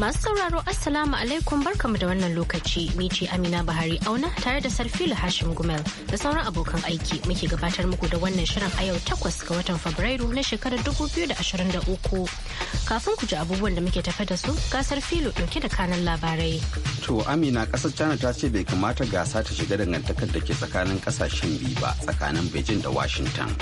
Masu sauraro Assalamu alaikum barkamu da wannan lokaci mi ce Amina Bahari Auna tare da Sarfilu Hashim Gumel da sauran abokan aiki muke gabatar muku da wannan shirin a yau takwas ga watan Fabrairu na shekarar 2023. Kafin ku ji abubuwan da muke tafe da su ga Sarfilu dauke da kanan labarai. To Amina ƙasar China ta ce bai kamata gasa ta shiga dangantakar da ke tsakanin kasashen biyu ba tsakanin Beijing da Washington.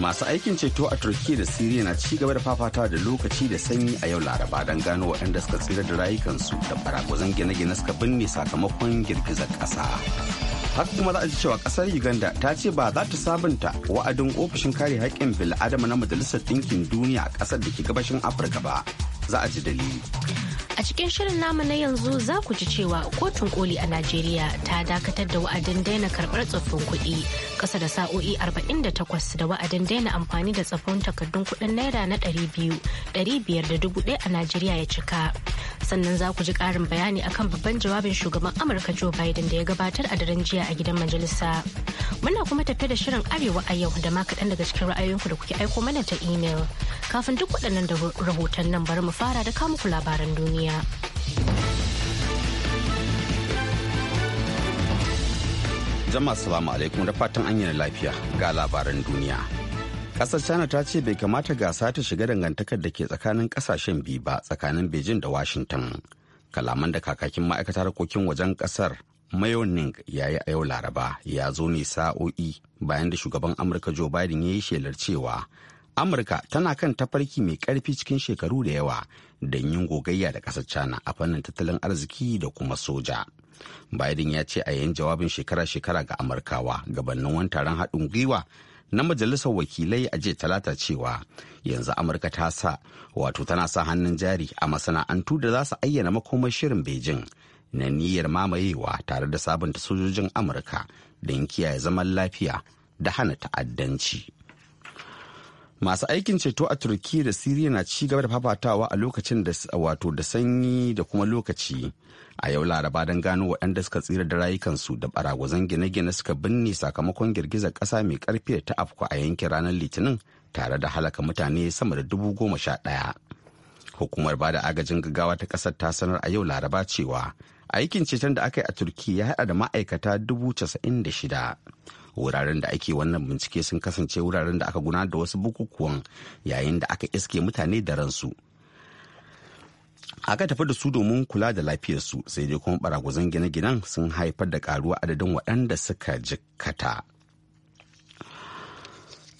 masu aikin ceto a turkiya da siriya na ci gaba da fafata da lokaci da sanyi a yau laraba don gano waɗanda suka tsira da rayukansu da barakuzan gine-gine suka binne sakamakon girgizar ƙasa haka kuma za a ji cewa ƙasar uganda ta ce ba za ta sabunta wa'adin ofishin kare haƙƙin bil'adama na majalisar ɗinkin duniya a ƙasar da ke gabashin afirka ba za a ji dalili A cikin shirin namu na yanzu za ku ji cewa kotun koli a Najeriya ta dakatar da wa'adin daina karɓar tsoffin kuɗi kasa da sa'o'i 48 da wa'adin daina amfani da tsafon takardun kuɗin naira na dubu ɗaya a najeriya ya cika sannan za ku ji ƙarin bayani akan babban jawabin shugaban amurka joe biden da ya gabatar a daren jiya a gidan majalisa muna kuma tafe da shirin arewa a yau da ma kaɗan daga cikin ra'ayoyinku da kuke aiko mana ta imel kafin duk waɗannan da rahoton nan bari mu fara da kamuku labaran duniya. Jama'a salamu alaikum da fatan an yi lafiya ga labaran duniya. Kasar China ta ce bai kamata gasa ta shiga dangantakar da ke tsakanin kasashen biyu ba tsakanin Beijing da Washington. Kalaman da kakakin ma'aikatar harkokin wajen kasar Mayoning ya yi a yau Laraba ya zo ne sa'o'i bayan da shugaban Amurka Joe Biden ya yi shelar cewa Amurka tana kan tafarki mai karfi cikin shekaru da yawa don yin gogayya da ƙasar China a fannin tattalin arziki da kuma soja. biden ya ce a yayin jawabin shekara-shekara ga amurkawa gabanin wani taron haɗin gwiwa na majalisar wakilai a jiya talata cewa yanzu amurka ta sa wato tana sa hannun jari a masana'antu da za su ayyana makomar shirin beijing na niyyar mamayewa tare da sabunta sojojin amurka don kiyaye zaman lafiya da hana ta'addanci. masu aikin ceto a turki da siriya na ci gaba da fafatawa a lokacin da wato da sanyi da kuma lokaci a yau laraba don gano waɗanda suka tsira da rayukansu da baragwazon gine-gine suka binne sakamakon girgizar ƙasa mai ƙarfi da ta afku a yankin ranar litinin tare da halaka mutane sama da dubu goma sha ɗaya hukumar bada agajin gaggawa ta ƙasar ta sanar a yau laraba cewa aikin ceton da aka yi a turki ya haɗa da ma'aikata dubu casa'in da shida wuraren da ake wannan bincike sun kasance wuraren da aka gudanar da wasu bukukuwan yayin da aka iske mutane da ransu aka tafi da su domin kula da lafiyarsu sai dai kuma baragwazon gine-ginen sun haifar da karuwa adadin waɗanda suka jikkata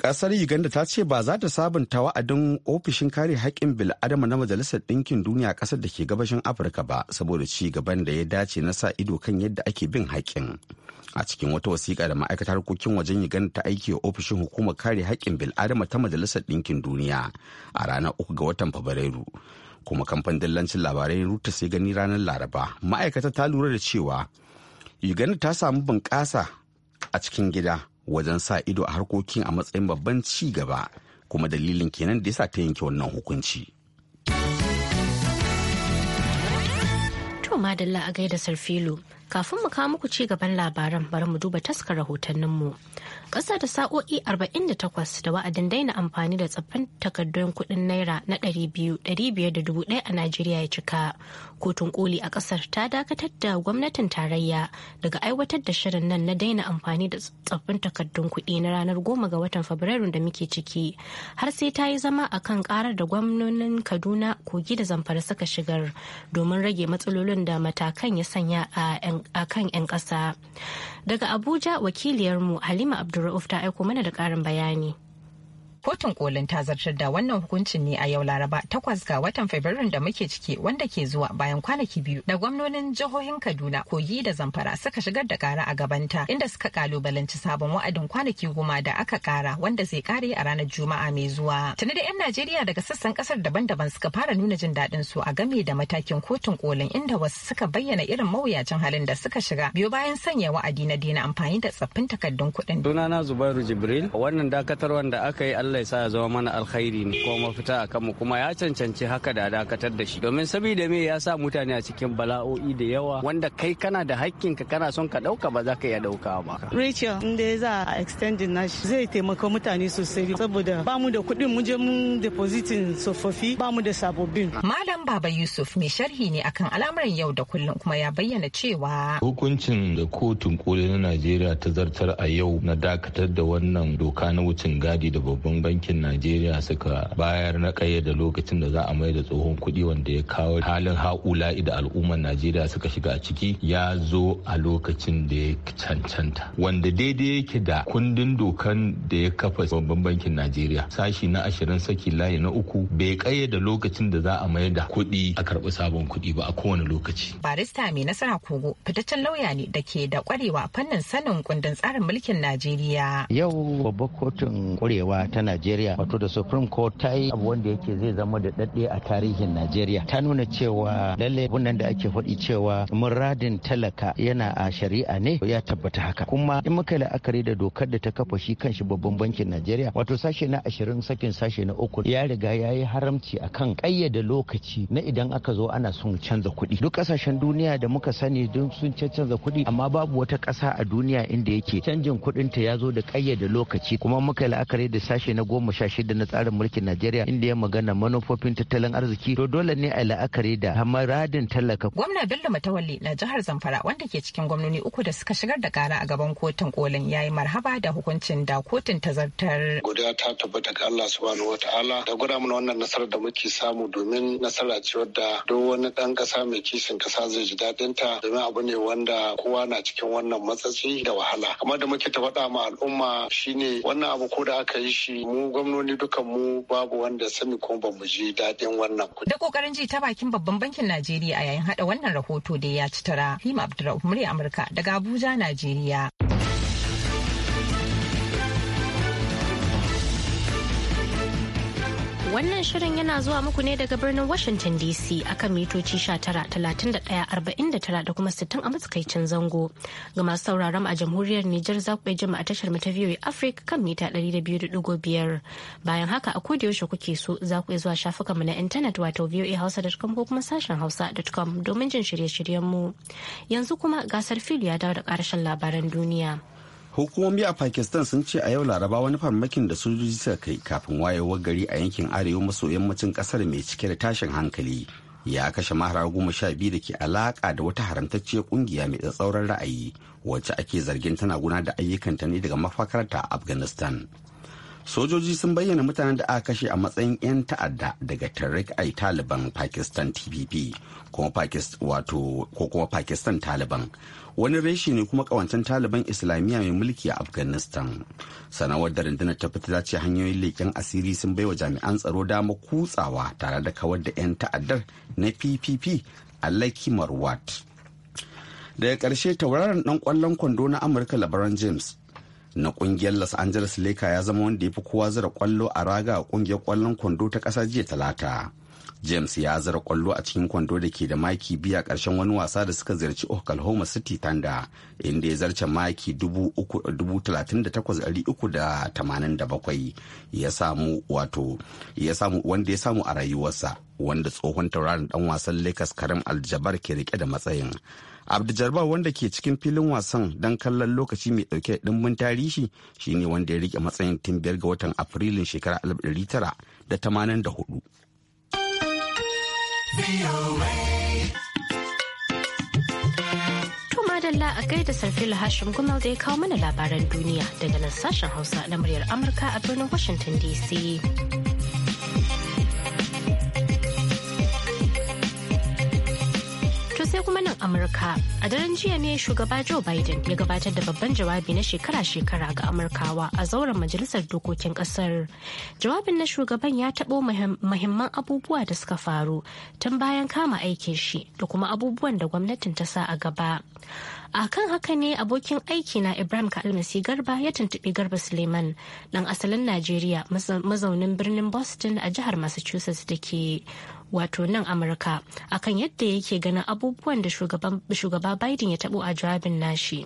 kasar uganda ta ce ba za ta sabunta wa'adin ofishin kare haƙƙin bil'adama na majalisar ɗinkin duniya ƙasar da ke gabashin afirka ba saboda ci gaban da ya dace na sa ido kan yadda ake bin haƙƙin a cikin wata wasiƙa da ma'aikatar harkokin wajen uganda ta aiki wa ofishin hukumar kare haƙƙin bil'adama ta majalisar ɗinkin duniya a ranar uku ga watan fabrairu kuma kamfanin dillancin labarai ruta sai gani ranar laraba ma'aikata ta lura da cewa uganda ta samu bunƙasa a cikin gida wajen sa ido a harkokin a matsayin babban ci gaba kuma dalilin kenan da yasa ta yanke wannan hukunci. To madalla a gaida Sarfilu Kafin mu kawo muku ci gaban labaran bari mu duba taskar rahotanninmu. Ƙasa da sa'o'i 48 da wa'adin daina amfani da tsaffin takardun kuɗin naira na 200,500 a Najeriya ya cika. Kotun koli a ƙasar ta dakatar da gwamnatin tarayya daga aiwatar da shirin nan na daina amfani da tsaffin takardun kuɗi na ranar 10 ga watan Fabrairu da muke ciki. Har sai ta yi zama a kan ƙarar da gwamnonin Kaduna, Kogi da Zamfara suka shigar domin rage matsalolin da matakan ya sanya a 'yan a kan 'yan ƙasa. Daga Abuja wakiliyarmu Halima Abdulrauf ta aiko mana da ƙarin bayani. Kotun kolin ta zartar da wannan hukuncin ne a yau Laraba takwas ga watan Fabrairun da muke ciki wanda ke zuwa bayan kwanaki biyu da gwamnonin jihohin Kaduna, Kogi da Zamfara suka shigar da kara a gabanta inda suka kalubalanci sabon wa'adin kwanaki goma da aka kara wanda zai kare a ranar Juma'a mai zuwa. Tuni da 'yan Najeriya daga sassan kasar daban-daban suka fara nuna jin daɗin su a game da matakin kotun kolin inda wasu suka bayyana irin mawuyacin halin da suka shiga biyo bayan sanya wa'adi na daina amfani da tsaffin takardun kuɗin. Sunana Zubairu Jibril wannan dakatarwar da aka yi Allah ya sa ya zama mana alkhairi ne ko mafita a kanmu kuma ya cancanci haka da dakatar da shi domin saboda me ya sa mutane a cikin bala'o'i da yawa wanda kai kana da hakkin ka kana son ka dauka ba za ka iya dauka ba Rachel in dai za a din nashi zai taimaka mutane sosai saboda ba mu da kuɗin mu je mun depositing tsofaffi ba mu da sababbin Malam Baba Yusuf mai sharhi ne akan al'amuran yau da kullum kuma ya bayyana cewa hukuncin da kotun koli na Najeriya ta zartar a yau na dakatar da wannan doka na wucin gadi da babban bankin najeriya suka bayar na kayyada lokacin da za a mai da tsohon kuɗi wanda ya kawo halin haƙula'i da al'ummar najeriya suka shiga a ciki ya zo a lokacin da ya cancanta wanda daidai yake da kundin dokan da ya kafa babban bankin najeriya sashi na ashirin saki layi na uku bai kayyada lokacin da za a mai da kuɗi a karɓi sabon kuɗi ba a kowane lokaci barista mai nasara kogo fitaccen lauya ne da ke da kwarewa fannin sanin kundin tsarin mulkin najeriya yau babbar kotun kwarewa tana Najeriya wato da Supreme Court ta yi abu wanda yake zai zama da dade a tarihin Najeriya ta nuna cewa lalle wannan da ake faɗi cewa muradin talaka yana a shari'a ne ya tabbata haka kuma in muka la'akari da dokar da ta kafa shi kanshi babban bankin Najeriya wato sashe na 20 sakin sashe na uku ya riga ya yi haramci akan kayyade lokaci na idan aka zo ana son canza kuɗi duk ƙasashen duniya da muka sani don sun canza kuɗi amma babu wata ƙasa a duniya inda yake canjin kuɗinta ya zo da kayyade lokaci kuma muka la'akari da sashe na na goma sha shida na tsarin mulkin Najeriya inda ya magana manufofin tattalin arziki to dole ne a la'akari da hamaradin talaka. Gwamna Bello Matawalle na jihar Zamfara wanda ke cikin gwamnoni uku da suka shigar da kara a gaban kotun kolin yayi marhaba da hukuncin da kotun ta zartar. Godiya ta tabbata ga Allah subhanahu ta'ala da gwada mana wannan nasarar da muke samu domin nasara ce wadda duk wani dan kasa mai kishin kasa zai ji daɗin ta domin abu ne wanda kowa na cikin wannan matsatsi da wahala. Kamar da muke ta ma al'umma shine wannan abu ko da aka yi shi mu gwamnoni dukan mu babu wanda sani koma ba mu ji daɗin wannan kuɗi. Da kokarin ji ta bakin babban bankin Najeriya a yayin haɗa wannan rahoto da ya ci tara. Hima Abdulrahman murya Amurka daga Abuja, Najeriya. Wannan shirin yana zuwa muku ne daga birnin Washington DC akan mitoci 19,31,49 da kuma 60 a matsakaicin zango. Ga masu sauraron a jamhuriyar Nijar za ku jima a tashar ta VOA Africa kan mita 200.5. Bayan haka a koda yaushe kuke so za ku zuwa mu na intanet wato voahausa.com ko kuma sashen hausa.com domin jin shirye-shiryen mu. Yanzu kuma gasar fili ya dawo da ƙarshen labaran duniya. hukumomi a pakistan sun ce a yau laraba wani farmakin da sojoji suka kai kafin wayewar gari a yankin arewa maso yammacin kasar mai cike da tashin hankali ya kashe mahara goma sha biyu da ke alaƙa da wata haramtacciyar ƙungiya mai tsatsauran ra'ayi wacce ake zargin tana guna da ayyukanta ne daga mafakarta a afghanistan sojoji sun bayyana mutanen da aka kashe a matsayin 'yan ta'adda daga tarik ai taliban pakistan tpp ko kuma pakistan taliban wani reshi ne kuma kawancin taliban islamiyya mai mulki a afghanistan sanawar da rundunar ta fita ce hanyoyin leƙen asiri sun baiwa jami'an tsaro dama kutsawa tare da kawar da 'yan ta'addar na ppp alaki marwat daga ƙarshe tauraron ɗan ƙwallon kwando na amurka labaran james na kungiyar Los Angeles Lakers ya zama wanda ya fi kowa zira kwallo a raga a kungiyar kwallon kwando ta ƙasa jiya talata. James ya zira kwallo a cikin kwando da ke da maki biya ƙarshen wani wasa da suka ziyarci Oklahoma City Thunder inda ya zarce maki 38,387 ya samu wato ya samu wanda ya samu a rayuwarsa wanda tsohon tauraron dan wasan Lakers Karim Aljabar ke rike da matsayin. abdujarba wanda ke cikin filin wasan don kallon lokaci mai dauke da dimbin tarihi shine wanda ya rike matsayin tun biyar ga watan afrilun shekara 1984 madalla a gaida sarfila hashim gumal da ya kawo mana labaran duniya daga nan sashen hausa na muryar amurka a birnin washington dc sai kuma nan Amurka. A daren jiya ne shugaba Joe Biden ya gabatar da babban jawabi na shekara-shekara ga Amurkawa a zauren majalisar dokokin kasar. Jawabin na shugaban ya taɓo mahimman abubuwa da suka faru tun bayan kama aikin shi da kuma abubuwan da gwamnatin ta sa a gaba. A kan haka ne abokin aiki na Ibrahim Kalmasi Garba ya tuntuɓi Garba Suleiman ɗan asalin Najeriya mazaunin birnin Boston a jihar Massachusetts da ke wato nan amurka akan yadda yake ganin abubuwan da shugaba biden ya tabo a jawabin nashi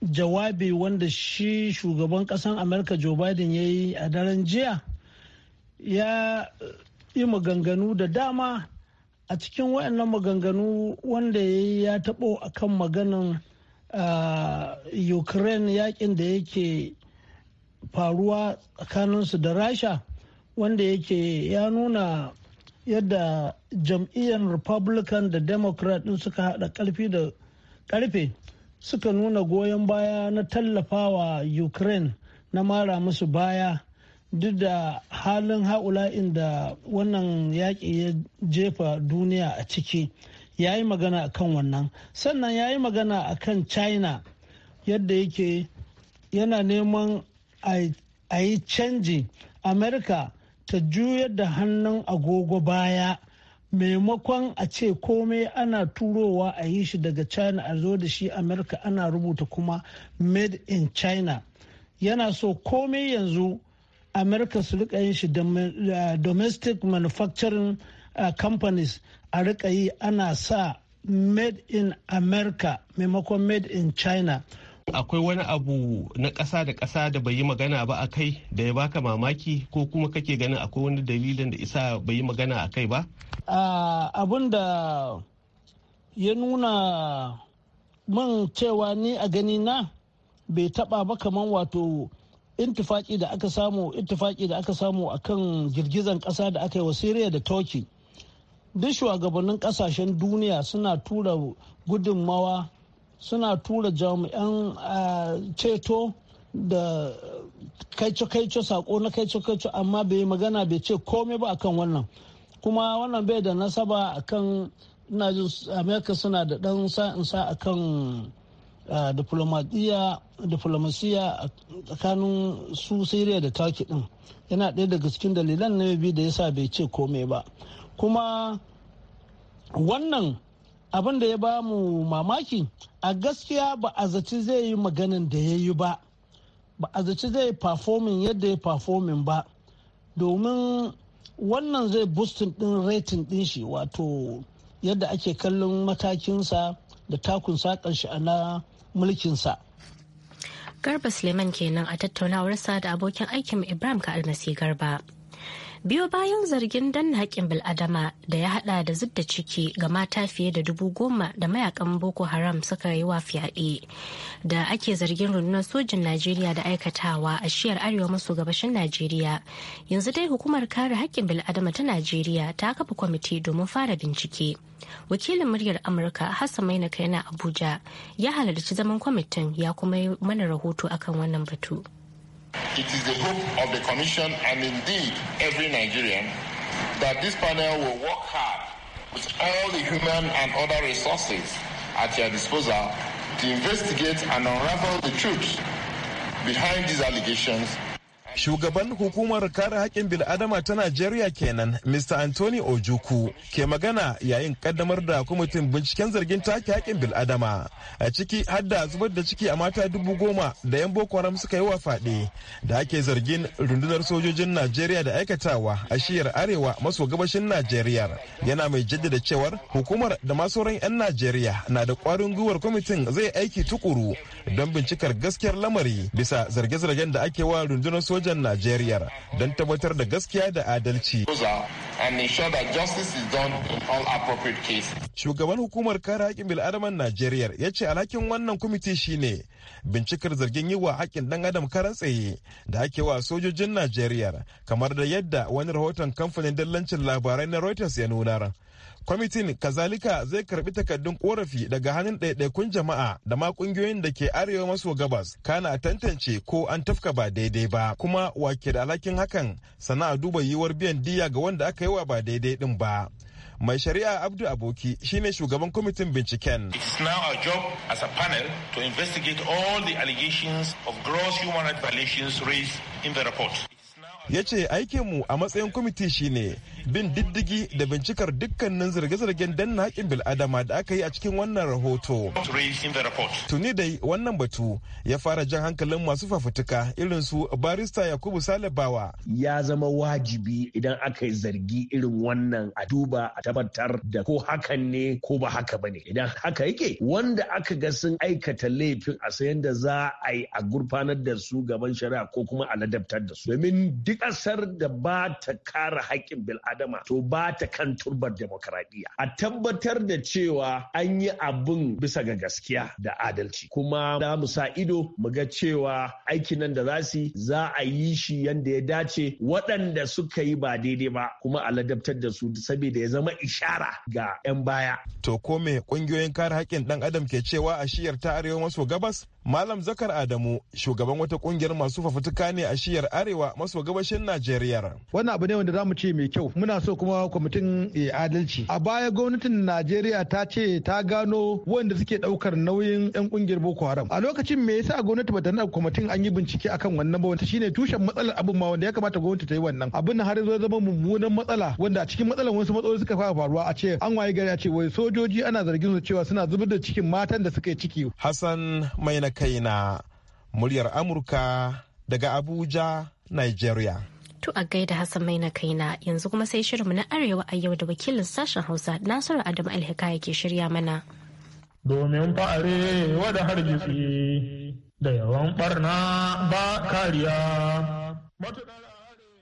jawabi wanda shi shugaban kasan amurka joe biden ya yi a daren jiya ya yi maganganu da dama a cikin waɗannan maganganu wanda ya yi ya taɓo a kan maganin ukraine yakin da yake faruwa tsakaninsu da rasha wanda yake ya nuna yadda jam'iyyar republican da democrat din suka hada karfi da karfe suka nuna goyon baya na tallafawa ukraine na mara musu baya duk da halin haula inda wannan yaƙi ya jefa duniya a ciki ya yi magana a kan wannan sannan ya yi magana a kan china yadda yake yana neman a yi canji america ta juyar da hannun agogo baya maimakon a ce komai ana turowa a yi shi daga china a zo da shi america ana rubuta kuma made in china yana so komai yanzu america su rika yin shi eh, domestic manufacturing eh, companies a rika yi ana sa made in america maimakon made in china akwai wani abu na ƙasa da ƙasa da bai yi magana ba a kai da ya baka mamaki ko kuma kake ganin akwai wani dalilin da isa bai yi magana a kai ba? abun da ya nuna man cewa ni a gani na bai taba ba kamar wato intifaki da aka samu intifaki da aka samu akan girgizan ƙasa da aka yi wa Siriya da Turkey. Duk shugabannin ƙasashen duniya suna tura gudunmawa suna tura jami'an eh, ceto da kaico-kaico sako na kaico-kaico amma bai magana bai ce komai ba akan wannan kuma wannan bai da nasaba akan ina jin amerika suna da dan sa'insa akan eh, diplomasiya tsakanin su siriya da turkey din yana ɗaya daga cikin dalilan na bi da yasa bai ce komai ba kuma wannan abin da ya ba mu mamaki a gaskiya ba a zaci zai yi maganin da ya yi ba ba a zaci zai yi yadda ya performing ba domin wannan zai boosting din rating din shi wato yadda ake kallon matakinsa da takun sakan shi na mulkinsa garba suleiman kenan a tattaunawarsa da abokin aikin ibrahim ka almasi garba biyo bayan zargin danna haƙƙin bil'adama da ya haɗa da zidda ciki ga mata fiye da dubu goma da mayakan boko haram suka yi wa fyaɗe da ake zargin rundunar sojin najeriya da aikatawa a shiyar arewa maso gabashin najeriya yanzu dai hukumar kare haƙƙin bil'adama ta najeriya ta kafa kwamiti domin fara bincike wakilin muryar amurka hassan mainaka yana abuja ya halarci zaman kwamitin ya kuma yi mana rahoto akan wannan batu. It is the hope of the Commission and indeed every Nigerian that this panel will work hard with all the human and other resources at your disposal to investigate and unravel the truth behind these allegations Shugaban hukumar kare haƙƙin bil'adama ta Najeriya kenan, Mr. Anthony Ojuku, ke magana yayin kaddamar da kwamitin binciken zargin take haƙƙin bil'adama. A ciki hadda zubar da ciki a mata dubu goma da 'yan Boko Haram suka yi wa faɗe da ake zargin rundunar sojojin Najeriya da aikatawa a shiyar arewa maso gabashin Najeriya. Yana mai jaddada cewar hukumar da ma sauran 'yan Najeriya na da kwarin gwiwar kwamitin zai aiki tukuru don bincikar gaskiyar lamari bisa zarge-zargen da ake wa rundunar soja sojan Najeriya don tabbatar da gaskiya da adalci. Shugaban hukumar kare haƙƙin bil'adaman Najeriya ya ce alhakin wannan kwamiti shine bincikar zargin yi wa haƙƙin ɗan adam karan tsaye da ake wa sojojin najeriya kamar da yadda wani rahoton kamfanin dallancin labarai na reuters ya nuna. kwamitin kazalika zai karbi takardun korafi daga hannun ɗaiɗaikun jama'a da ma ƙungiyoyin da ke arewa maso gabas kana tantance ko an tafka ba daidai ba kuma wake da alhakin hakan sana'a duba yiwuwar biyan diya ga wanda aka yi wa ba daidai din ba mai shari'a abdu aboki shine shugaban kwamitin binciken it's now our job as a panel to investigate all the allegations of gross human rights violations raised in the report ya ce aikinmu a matsayin kwamiti shine bin diddigi da bincikar dukkanin zirge-zirgen danna haƙin bil'adama da aka yi a cikin wannan rahoto. Tuni dai wannan batu ya fara jan hankalin masu fafutuka irin su barista Yakubu Salibawa. Ya zama wajibi idan aka yi zargi irin wannan a duba a tabbatar da ko hakan ne ko ba haka ba ne. Idan haka yake wanda aka ga sun aikata laifin a sayan da za a yi a gurfanar da su gaban shari'a ko kuma a ladabtar da su. Domin duk ƙasar da ba ta kara haƙƙin bil'adama to ba ta kan turbar demokaradiyya. A tabbatar da cewa an yi abin bisa ga gaskiya da adalci. Kuma za mu sa ido mu ga cewa aikin nan da za su za a yi shi yadda ya dace waɗanda suka yi ba daidai ba kuma a ladabtar da su saboda ya zama ishara ga 'yan baya. To ko me ƙungiyoyin kare haƙƙin ɗan adam ke cewa a shiyar ta arewa maso gabas? Malam Zakar Adamu, shugaban wata ƙungiyar masu fafutuka ne a shiyar arewa maso gabas arewacin Najeriya. Wannan abu ne wanda zamu ce mai kyau. Muna so kuma kwamitin eh, adalci. A baya gwamnatin Najeriya ta ce ta gano wanda suke ɗaukar nauyin 'yan kungiyar Boko Haram. A lokacin me yasa gwamnati bata nuna kwamitin an yi bincike akan wannan ba wanda shine tushen matsalar abin ma wanda ya kamata gwamnati ta yi wannan. Abin har zo zama mummunan matsala wanda a cikin matsalar wasu matsaloli suka fara faruwa a ce an waye gari a ce wai sojoji ana zargin su cewa suna zubar da cikin matan da suka yi ciki. Hassan mai na kaina muryar Amurka daga Abuja Nigeria. To a gaida Hassan mai na kaina yanzu kuma sai shirinmu na Arewa a yau da wakilin sashen Hausa Nasiru Adamu Alhika yake shirya mana. Domin fa'are wada hargitsi da yawan barna ba kariya.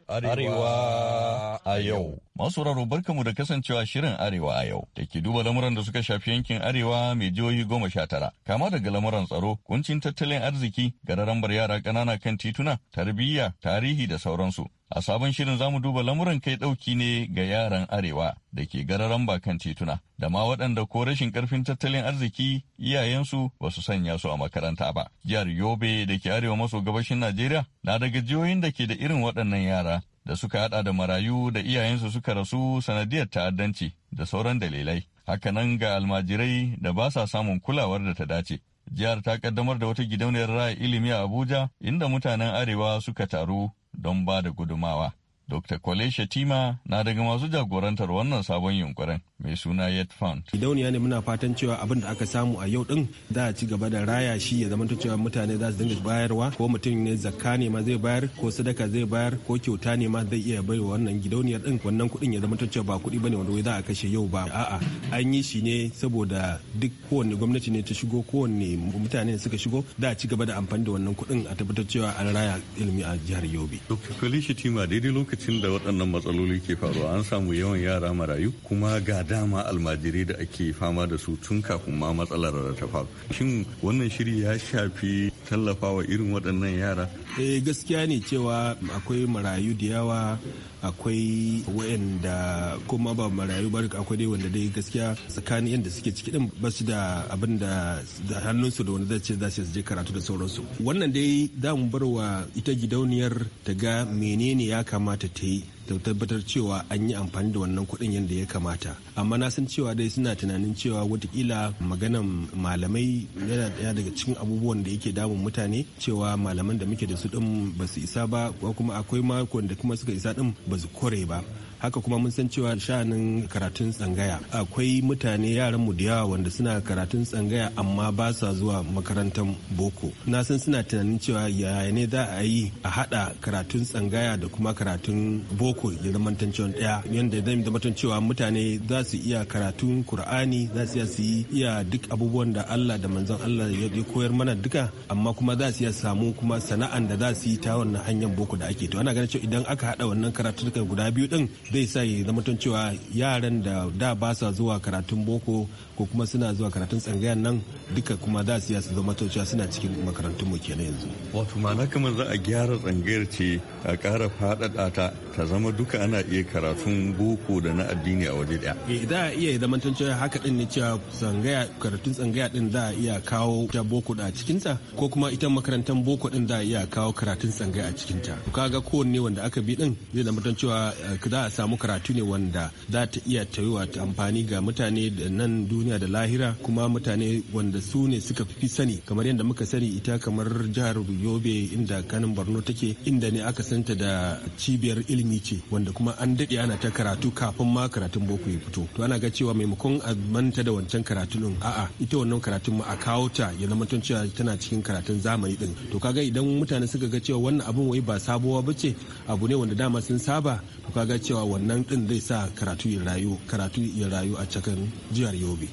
Arewa a yau. Masu raro barkamu da kasancewa shirin Arewa a yau da ke duba lamuran da suka shafi yankin Arewa mai jihohi goma sha tara. Kama daga lamuran tsaro, kuncin tattalin arziki, gararambar yara ƙanana kan tituna, tarbiyya, tarihi da sauransu. A sabon shirin zamu duba lamuran kai ɗauki ne ga yaran Arewa da ke gararan kan tituna, da ma waɗanda ko rashin ƙarfin tattalin arziki iyayensu ba su sanya su a makaranta ba. Jihar Yobe da ke arewa maso gabashin Najeriya na daga jihohin da ke da irin waɗannan yara da suka hada da marayu da iyayensu suka rasu sanadiyar ta'addanci da sauran dalilai. Haka nan ga almajirai da ba sa samun kulawar da ta dace. Jihar ta kaddamar da wata gidauniyar raya ilimi a Abuja inda mutanen Arewa suka taru don ba da gudumawa. Dr. Kwale Shatima na daga masu jagorantar wannan sabon yunkurin mai suna Yet Fund. Gidauniya ne muna fatan cewa abin da aka samu a yau din za a ci gaba da raya shi ya zama cewa mutane za su dinga bayarwa ko mutum ne zakka ne ma zai bayar ko sadaka zai bayar ko kyauta ne ma zai iya baiwa wannan gidauniyar din wannan kuɗin ya zama cewa ba kuɗi bane wanda za a kashe yau ba a'a an yi shi ne saboda duk kowanne gwamnati ne ta shigo kowanne mutane ne suka shigo za a ci gaba da amfani da wannan kuɗin a tabbatar cewa an raya ilimi a jihar Yobe. Dr. Kwale Shatima daidai lokacin lokacin da waɗannan matsaloli ke faruwa an samu yawan yara marayu kuma ga dama almajirai da ake fama da su tun kafin ma matsalar da ta faru shin wannan shiri ya shafi tallafawa irin waɗannan yara eh gaskiya ne cewa akwai marayu da yawa akwai wayanda kuma ba marayu ba akwai dai wanda dai gaskiya tsakanin yadda suke ciki din ba su da abin da hannunsu da wanda ce za su je karatu da sauransu wannan dai za mu bar wa ita gidauniyar ta ga menene ya kamata ta yi da tabbatar cewa an yi amfani da wannan kuɗin yadda ya kamata amma na san cewa dai suna tunanin cewa watakila maganan malamai yana daga cikin abubuwan da yake damun mutane cewa malaman da muke da su ɗin ba su isa ba ko kuma akwai mako da kuma suka isa ɗin ba su kore ba haka kuma mun san cewa sha'anin karatun tsangaya akwai mutane yaran mu da yawa wanda suna karatun tsangaya amma ba sa zuwa makarantar boko na san suna tunanin cewa yaya ne za a yi a hada karatun tsangaya da kuma karatun boko ya zama cewa daya yadda zai zama cewa mutane za su iya karatun kur'ani za su iya iya duk abubuwan da allah da manzon allah ya koyar mana duka amma kuma za su iya samu kuma sana'an da za su yi ta wannan hanyar boko da ake to ana ganin cewa idan aka hada wannan karatun guda biyu din zai sa ya zama cewa yaran da da ba sa zuwa karatun boko ko kuma suna zuwa karatun tsangayen nan duka kuma za su su zama cewa suna cikin makarantun mu kenan yanzu wato ma'ana kamar za a gyara tsangayar ce a ƙara faɗaɗa ta ta zama duka ana iya karatun boko da na addini a waje ɗaya eh, za a iya zama cewa haka ɗin ne cewa tsangaya karatun tsangaya ɗin za a iya kawo ta boko da a cikinta ko kuma ita makarantar boko ɗin za a iya kawo karatun tsangaya a cikinta kaga kowanne wanda aka bi ɗin zai zama cewa eh, a samu karatu ne wanda za ta iya taiwa ta amfani ga mutane da nan duniya da lahira kuma mutane wanda su ne suka fi sani kamar yadda muka sani ita kamar jihar yobe inda kanin borno take inda ne aka santa da cibiyar ilimi ce wanda kuma an daɗe ana ta karatu kafin ma karatun boko ya fito to ana ga cewa maimakon a manta da wancan karatun din a'a ita wannan karatun ma a kawo ta ya zama cewa tana cikin karatun zamani din to kaga idan mutane suka ga cewa wannan abin wai ba sabuwa ba ce abu ne wanda dama sun saba to kaga cewa wannan din zai sa karatu ya rayu karatu ya rayu a cikin jihar yobe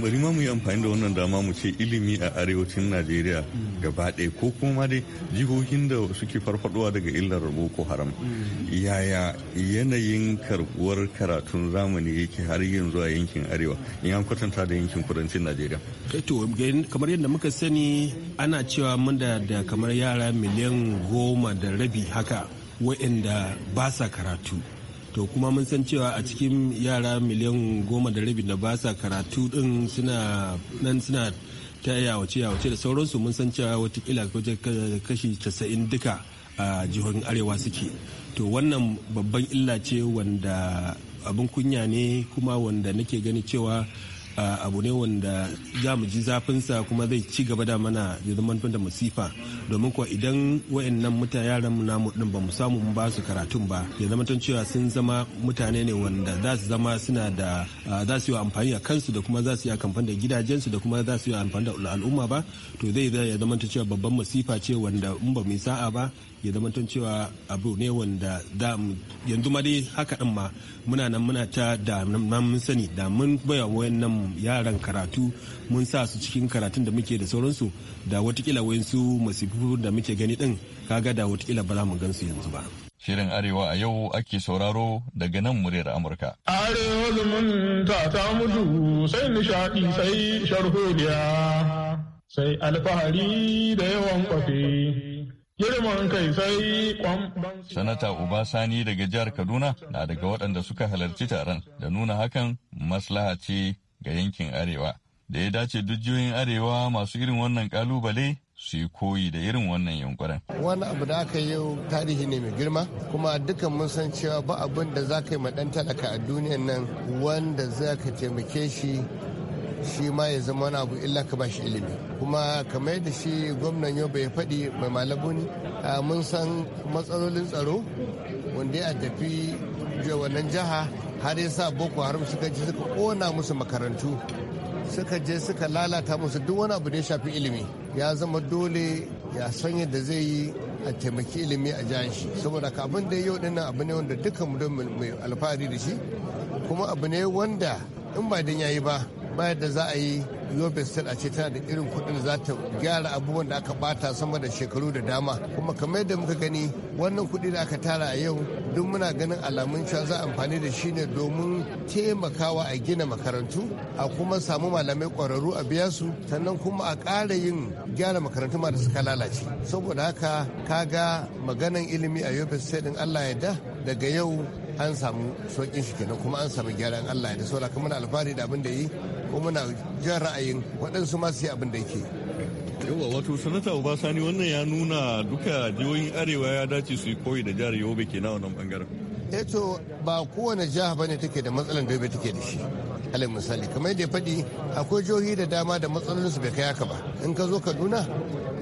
bari ma mu yi amfani da wannan dama mu ce ilimi a arewacin najeriya mm. gaba ɗaya ko kuma dai jihohin da suke farfadowa daga illar boko haram mm. yaya yanayin karbuwar karatun zamani yake har yanzu a yankin arewa in an kwatanta da yankin kudancin najeriya eh to kamar yadda muka sani ana cewa mun da kamar yara miliyan goma da rabi haka waɗanda ba sa karatu to kuma mun san cewa a cikin yara miliyan goma da rabi da ba sa karatu din suna nan suna ta yawace yawace da sauransu mun san cewa watakila kashi casa'in duka a jihohin arewa suke to wannan babban illa ce wanda abin kunya ne kuma wanda nake gani cewa abu ne wanda za mu ji zafinsa kuma zai ci gaba da mana ya zama da masifa domin kuwa idan wayannan mutane yaran mu namu din ba mu samu mun ba su karatun ba ya zama tun cewa sun zama mutane ne wanda za su zama suna da za su yi amfani a kansu da kuma za su yi amfani da gidajensu da kuma za su yi amfani da al'umma ba to zai ya zama tun cewa babban masifa ce wanda in ba mu yi sa'a ba ya zamanto cewa abu ne wanda da yanzu ma dai haka din ma muna nan muna ta da mun sani da mun baya wayannan yaran karatu mun sa su cikin karatun da muke da sauransu da watakila wayansu masifu da muke gani din kaga da watakila ba za mu gansu yanzu ba Shirin Arewa a yau ake sauraro daga nan muryar Amurka. Arewa zumunta ta mutu sai nishaɗi sai sharholiya sai alfahari da yawan kwafe. Sanata Uba Sani daga jihar Kaduna na daga waɗanda suka halarci taron da nuna hakan maslaha ce ga yankin Arewa. Da ya dace duk Arewa masu irin wannan kalubale su yi koyi da irin wannan yankunan. Wani abu da aka yi tarihi ne mai girma kuma dukan mun san cewa ba abin da za ka yi ma ɗan talaka a duniyan nan wanda za ka taimake shi shi ma ya zama wani abu illa ka bashi ilimi kuma kamar yadda shi gwamnan yau ya faɗi mai malabuni mun san matsalolin tsaro wanda ya tafi wannan jiha har ya sa boko haram suka je suka kona musu makarantu suka je suka lalata musu duk wani abu da ya shafi ilimi ya zama dole ya san yadda zai yi a taimaki ilimi a jihar shi saboda ka abin da yau dinnan abu ne wanda dukkan mu don mai alfahari da shi kuma abu ne wanda in ba dan yayi ba bayan da za a yi yobe state a ce tana da irin kuɗin za ta gyara abubuwan da aka bata sama da shekaru da dama kuma kamar yadda muka gani wannan kuɗi da aka tara a yau duk muna ganin alamun cewa za amfani da shi ne domin taimakawa a gina makarantu a kuma samu malamai ƙwararru a biya su sannan kuma a ƙara yin gyara makarantu ma da suka lalace saboda haka ka ga maganan ilimi a yobe state din allah ya da daga yau an samu sauƙin shi kenan kuma an samu gyaran allah ya da saboda kamar alfahari da abin da yi ko muna jin ra'ayin waɗansu masu yi abin da yake yawa wato sanata obasani wannan ya nuna duka jihohin arewa ya dace su yi koyi da jihar yobe ke na wannan bangaren eto eh ba kowane jiha ba ne take da matsalan da yobe take da shi alai misali kamar yadda ya faɗi akwai jihohi da dama da matsalolinsu bai kai haka ba in ka zo kaduna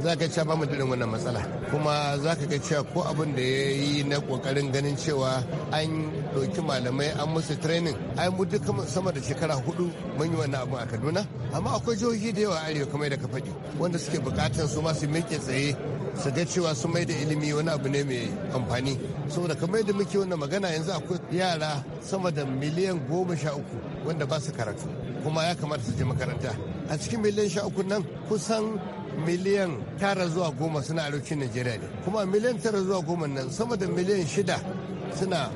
za ka cewa ba mu irin wannan matsala kuma za ka ga cewa ko abin da ya yi na kokarin ganin cewa an ɗauki malamai an musu training ai mu duk sama da shekara hudu mun yi wannan abin a kaduna amma akwai jihohi da yawa arewa kamar da ka faɗi wanda suke buƙatar su ma su miƙe tsaye su ga cewa su mai da ilimi wani abu ne mai amfani saboda kamar da muke wannan magana yanzu akwai yara sama da miliyan goma sha uku wanda ba su karatu kuma ya kamata su je makaranta a cikin miliyan sha uku nan kusan miliyan tara zuwa goma suna arewacin najeriya ne kuma miliyan tara zuwa goma nan sama da miliyan shida suna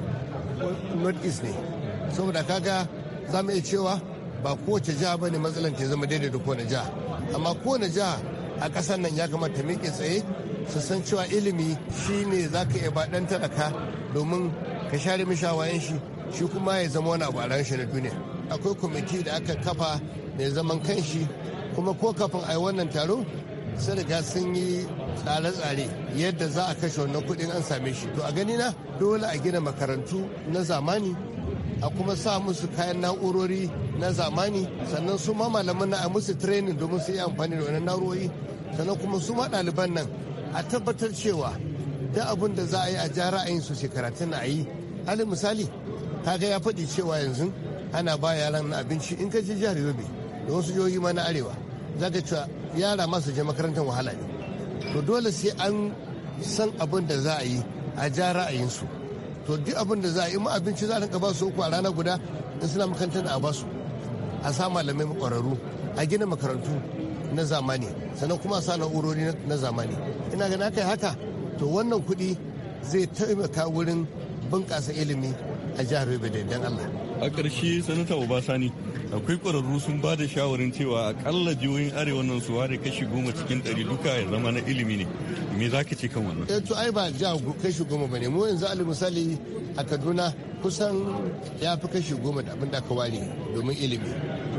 north east ne saboda kaga za mu iya cewa ba kowace jiha ba ne matsalan ta zama daidai da kowane jiha amma kowane jiha a ƙasar nan ya kamata miƙe tsaye su san cewa ilimi shine za ka iya baɗan talaka domin ka share mishawayen shi shi kuma ya zama wani abu a shi na duniya akwai kwamiti da aka kafa mai zaman kanshi kuma ko kafin a yi wannan taro sun riga sun yi tsare-tsare yadda za a kashe wannan kuɗin an same shi to a gani na dole a gina makarantu na zamani a kuma sa musu kayan na'urori na zamani sannan su ma malaman na a musu training domin su yi amfani da wannan na'urori sannan kuma su ma ɗaliban nan a tabbatar cewa da abin da za a yi a ja ra'ayin su shekaratun a yi alin misali kaga ya faɗi cewa yanzu ana ba yaran abinci in ka je jihar yobe da wasu jihohi ma na arewa zaka cewa yara masu je makarantar wahala ne to dole sai an san abin da za a yi a ja ra'ayinsu to duk abin da za a yi mu abinci za a rinka ba su uku a rana guda in suna makarantar a ba su a sa malamai makwararru a gina makarantu na zamani sannan kuma a sa na'urori na zamani ina ganin aka yi haka to wannan kuɗi zai taimaka wurin bunƙasa ilimi a jihar Yobe da Allah. A ƙarshe sanata Obasani akwai kwararru sun ba da shawarin cewa akalla jihohin arewa nan su ware kashi goma cikin ɗari duka ya zama na ilimi ne me za ka ce kan wannan eh to ai ba ja kashi goma ba ne mu yanzu alal misali a kaduna kusan ya fi kashi goma da abin da aka ware domin ilimi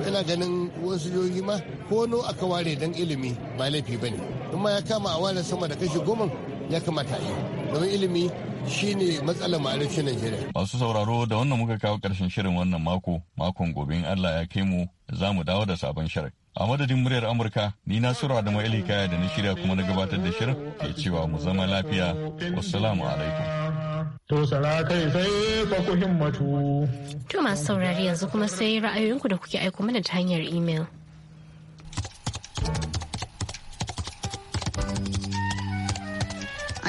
ina ganin wasu jihohi ma ko no aka ware don ilimi ba laifi ba ne in ma ya kama a ware sama da kashi goma ya kamata a yi domin ilimi shine matsalar ma'arifin Najeriya. Masu sauraro da wannan muka kawo karshen shirin wannan mako, makon gobe in Allah ya kai mu za mu dawo da sabon shirin. A madadin muryar Amurka, ni na Sura ma'ili kaya da na shirya kuma na gabatar da shirin ke cewa mu zama lafiya. Wassalamu alaikum. To sarakai sai fa ku himmatu. To masu saurari yanzu kuma sai ra'ayoyinku da kuke aiko mana ta hanyar imel.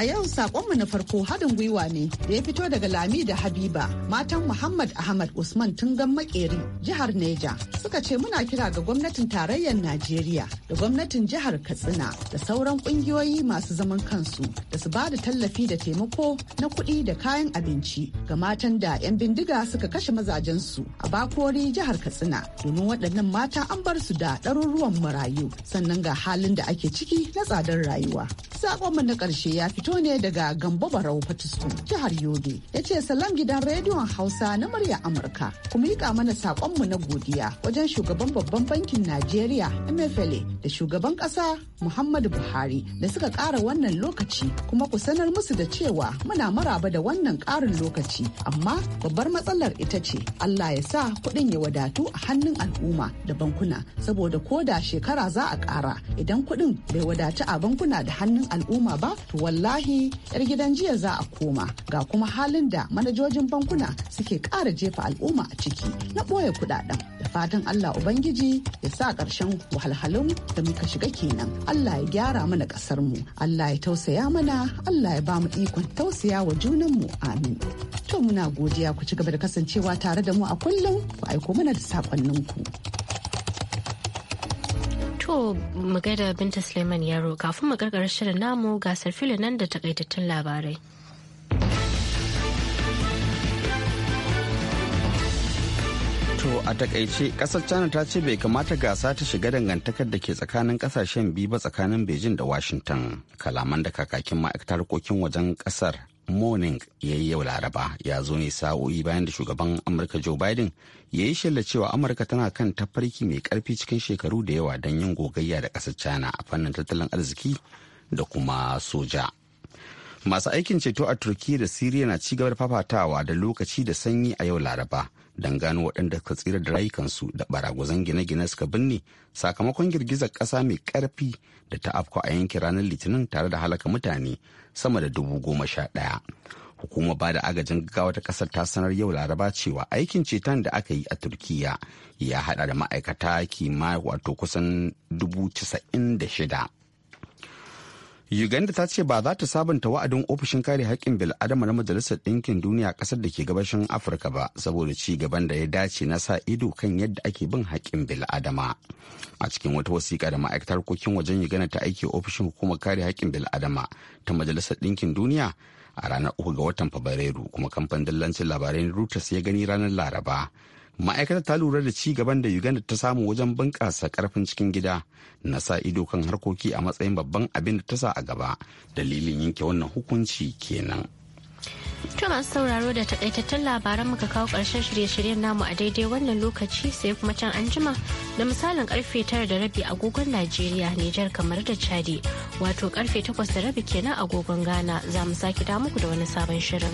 A yau sakonmu na farko haɗin gwiwa ne da ya fito daga Lami da Habiba matan Muhammad Ahmad Usman tun Tungan Makeri jihar Neja suka ce muna kira ga gwamnatin tarayyar Najeriya da gwamnatin jihar Katsina da sauran ƙungiyoyi masu zaman kansu da su ba da tallafi da taimako na kuɗi da kayan abinci ga matan da 'yan bindiga suka kashe mazajensu a bakori jihar Katsina domin waɗannan mata an bar su da ɗaruruwan marayu sannan ga halin da ake ciki na tsadar rayuwa. Sakonmu na ƙarshe ya fito fito ne daga Gambo Barau Fatiskum, jihar Yobe. Ya ce salam gidan rediyon Hausa na murya Amurka. Ku miƙa mana saƙonmu na godiya wajen shugaban babban bankin Najeriya Emefele da shugaban ƙasa Muhammadu Buhari da suka ƙara wannan lokaci kuma ku sanar musu da cewa muna maraba da wannan ƙarin lokaci amma babbar matsalar ita ce Allah ya sa kuɗin ya wadatu a hannun al'umma da bankuna saboda ko da shekara za a ƙara idan kuɗin bai wadatu a bankuna da hannun al'umma ba to wallahi wallahi yar gidan jiya za a koma ga kuma halin da manajojin bankuna suke ƙara jefa al'umma a ciki na ɓoye kuɗaɗen da fatan Allah Ubangiji ya sa ƙarshen wahalhalun da muka shiga kenan Allah ya gyara mana ƙasar mu Allah ya tausaya mana Allah ya ba mu ikon tausaya wa junanmu amin to muna godiya ku ci gaba da kasancewa tare da mu a kullum ku aiko mana da saƙonninku. To magana Binta Suleiman Yaro kafin mu karkar shirin namu gasar filin nan da takaitattun labarai. To a takaice kasar China ta ce bai kamata gasa ta shiga dangantakar da ke tsakanin kasashen biyu ba tsakanin Beijing da Washington. Kalaman da kakakin ma'aikatar harkokin wajen kasar Morning ya yi yau Laraba ya zo ne sa'o'i bayan da shugaban Amurka Joe Biden ya yi shalla cewa Amurka tana kan tafarki mai karfi cikin shekaru da yawa don yin gogayya da ƙasar China a fannin tattalin arziki da kuma soja. Masu aikin ceto a Turkiyya da Siriya na ci da fafatawa da lokaci da sanyi a yau Laraba don gano waɗanda ka tsira da rayukansu da baragwazon gine-gine suka binne sakamakon girgizar ƙasa mai ƙarfi da ta afko a yankin ranar litinin tare da halaka mutane sama da dubu goma sha ɗaya. hukumar ba da agajin gaggawa ta ƙasar ta sanar yau laraba cewa aikin ceton da aka yi a turkiya ya haɗa da ma'aikata kima wato kusan dubu casa'in da shida Uganda ta ce ba za ta sabunta wa'adin ofishin kare haƙƙin bil'adama na Majalisar Ɗinkin Duniya ƙasar da ke gabashin Afirka ba saboda ci gaban da ya dace na sa ido kan yadda ake bin haƙƙin bil'adama. A cikin wata wasiƙa da ma'aikatar harkokin wajen Uganda ta aike ofishin hukumar kare haƙƙin bil'adama ta Majalisar Ɗinkin Duniya a ranar uku ga watan Fabrairu kuma kamfanin dillancin labarai Reuters ya gani ranar Laraba. ma'aikatar ta lura da ci gaban da uganda ta samu wajen bunƙasa karfin cikin gida na sa ido kan harkoki a matsayin babban abin da ta sa a gaba dalilin yanke wannan hukunci kenan. To masu sauraro da takaitattun labaran muka kawo ƙarshen shirye-shiryen namu a daidai wannan lokaci sai kuma can anjima jima da misalin karfe tara da rabi agogon Najeriya Nijar kamar da Chadi wato karfe takwas da rabi kenan agogon Ghana za mu sake da muku da wani sabon shirin.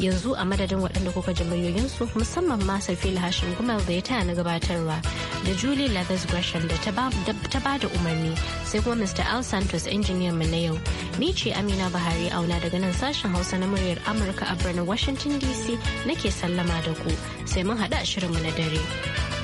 Yanzu a madadin waɗanda kuka ji su musamman ma safila Hashim Gumal da ya taya na gabatarwa da Julie Lathers Gresham da ta ba da ta da umarni sai kuma Mr. Al Santos injiniyan mu na yau. Ni ce Amina Buhari Auna daga nan sashen Hausa na muryar Amurka a birnin Washington DC nake sallama da ku sai mun haɗa shirinmu na dare.